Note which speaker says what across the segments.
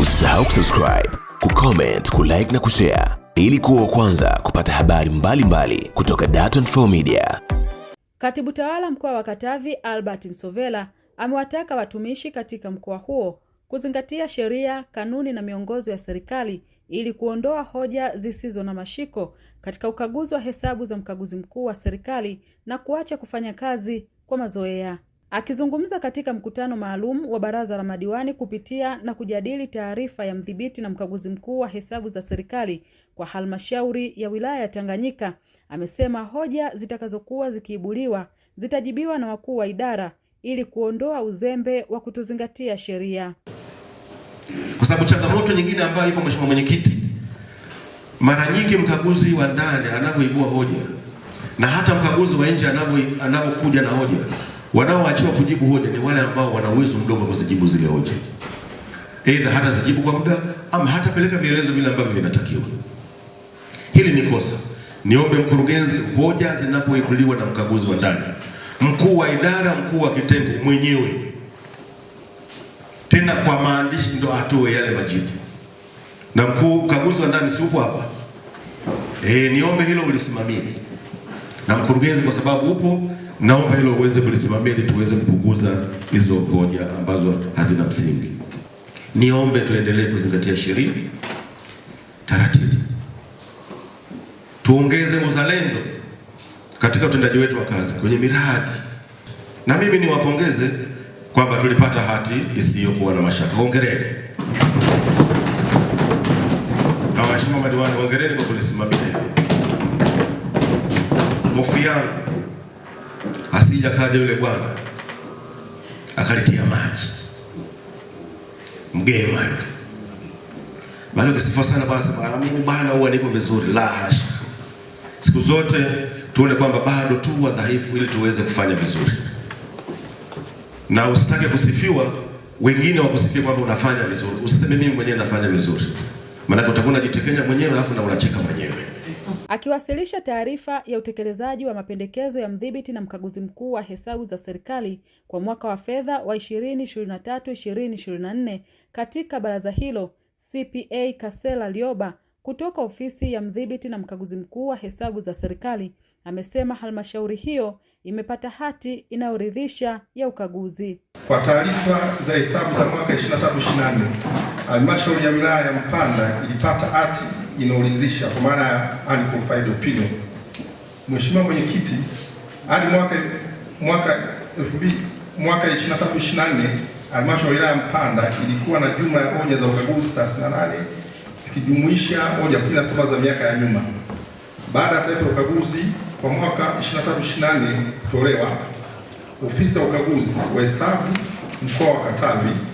Speaker 1: Usisahau kusubscribe, kucomment, kulike na kushare ili kuwa kwanza kupata habari mbalimbali mbali kutoka Dar24 Media. Katibu Tawala Mkoa wa Katavi, Albert Msovela, amewataka watumishi katika mkoa huo kuzingatia sheria, kanuni na miongozo ya serikali ili kuondoa hoja zisizo na mashiko katika ukaguzi wa hesabu za mkaguzi mkuu wa serikali na kuacha kufanya kazi kwa mazoea. Akizungumza katika mkutano maalum wa baraza la madiwani kupitia na kujadili taarifa ya mdhibiti na mkaguzi mkuu wa hesabu za serikali kwa halmashauri ya wilaya ya Tanganyika, amesema hoja zitakazokuwa zikiibuliwa zitajibiwa na wakuu wa idara ili kuondoa uzembe wa kutozingatia sheria,
Speaker 2: kwa sababu changamoto nyingine ambayo ipo, mheshimiwa mwenyekiti, mara nyingi mkaguzi wa ndani anavyoibua hoja na hata mkaguzi wa nje anavyokuja na hoja Wanaoachiwa kujibu hoja ni wale ambao wana uwezo mdogo wa kuzijibu zile hoja, aidha hata zijibu kwa muda ama hatapeleka vielezo vile ambavyo vinatakiwa. Hili ni kosa. Niombe mkurugenzi, hoja zinapoibuliwa na mkaguzi wa ndani, mkuu wa idara, mkuu wa kitengo mwenyewe tena kwa maandishi ndo atoe yale majibu. Na mkuu mkaguzi wa ndani si upo hapa? E, niombe hilo ulisimamie na mkurugenzi, kwa sababu upo Naomba hilo uweze kulisimamia ili tuweze kupunguza hizo hoja ambazo hazina msingi. Niombe tuendelee kuzingatia sheria, taratibu, tuongeze uzalendo katika utendaji wetu wa kazi kwenye miradi. Na mimi niwapongeze kwamba tulipata hati isiyokuwa na mashaka. Hongereni na waheshimiwa madiwani, hongereni kwa kulisimamia. Hofu yangu asija kaja yule bwana akalitia maji mgema yule. Bado kisifa sana bwana, sema ah, mimi bwana huwa niko vizuri. La hasha, siku zote tuone kwamba bado tu dhaifu ili tuweze kufanya vizuri, na usitake kusifiwa wengine wakusifie kwamba unafanya vizuri. Usiseme mimi mwenyewe nafanya vizuri, maanake utakuwa unajitekenya mwenyewe alafu na unacheka mwenyewe.
Speaker 1: Akiwasilisha taarifa ya utekelezaji wa mapendekezo ya mdhibiti na mkaguzi mkuu wa hesabu za serikali kwa mwaka wa fedha wa 2023/2024 katika baraza hilo, CPA Kasela lioba kutoka ofisi ya mdhibiti na mkaguzi mkuu wa hesabu za serikali amesema halmashauri hiyo imepata hati inayoridhisha ya ukaguzi
Speaker 2: kwa taarifa za hesabu za mwaka 23/24. Halmashauri ya wilaya ya Mpanda ilipata hati inaoridhisha kwa maana ya unqualified opinion. Mheshimiwa Mwenyekiti, hadi mwaka mwaka 2000 mwaka 24 halmashauri ya wilaya ya Mpanda ilikuwa na jumla ya hoja za ukaguzi 38 zikijumuisha hoja 17 za miaka ya nyuma. Baada ya taarifa ya ukaguzi kwa mwaka 23 24 kutolewa, ofisi ya ukaguzi wa hesabu mkoa wa Katavi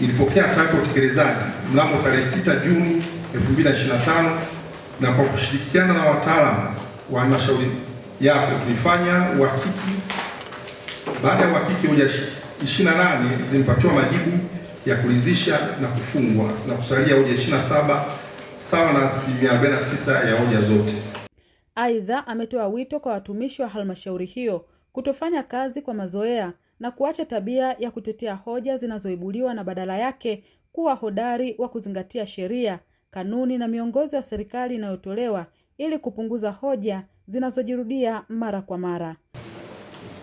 Speaker 2: ilipokea taarifa ya utekelezaji mnamo tarehe 6 Juni 2025 na kwa kushirikiana na wataalamu wa halmashauri yako tulifanya uhakiki. Baada ya uhakiki, hoja 28 zimepatiwa majibu ya kuridhisha na kufungwa na kusalia hoja 27 sawa na asilimia 49 ya hoja zote.
Speaker 1: Aidha, ametoa wito kwa watumishi wa halmashauri hiyo kutofanya kazi kwa mazoea na kuacha tabia ya kutetea hoja zinazoibuliwa na badala yake kuwa hodari wa kuzingatia sheria, kanuni na miongozo ya serikali inayotolewa ili kupunguza hoja zinazojirudia mara kwa mara.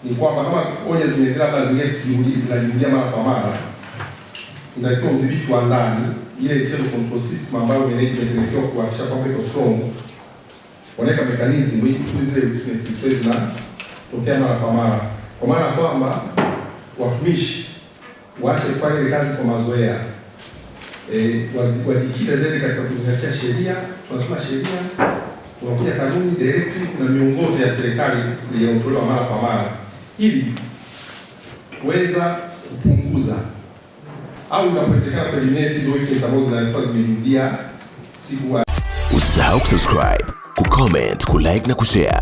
Speaker 2: Ni kwamba kama hoja zinajirudia mara kwa mara, inatakiwa udhibiti wa ndani, ile internal control system ambayo management inatakiwa kuhakikisha kwamba iko strong, wanaweka mekanizmu ili zile weaknesses zinatokea mara kwa mara kwa maana kwamba watumishi waache kufanya ile kazi kwa mazoea e, wajikita zaidi katika kuzingatia sheria. Tunasema sheria, tunakuja kanuni, direkti na miongozo ya serikali iliyotolewa mara kwa mara, ili kuweza kupunguza au unapowezekana kwenye neti ndio wiki ambazo zinakuwa zimerudia siku. Usisahau kusubscribe, kucomment, kulike na kushare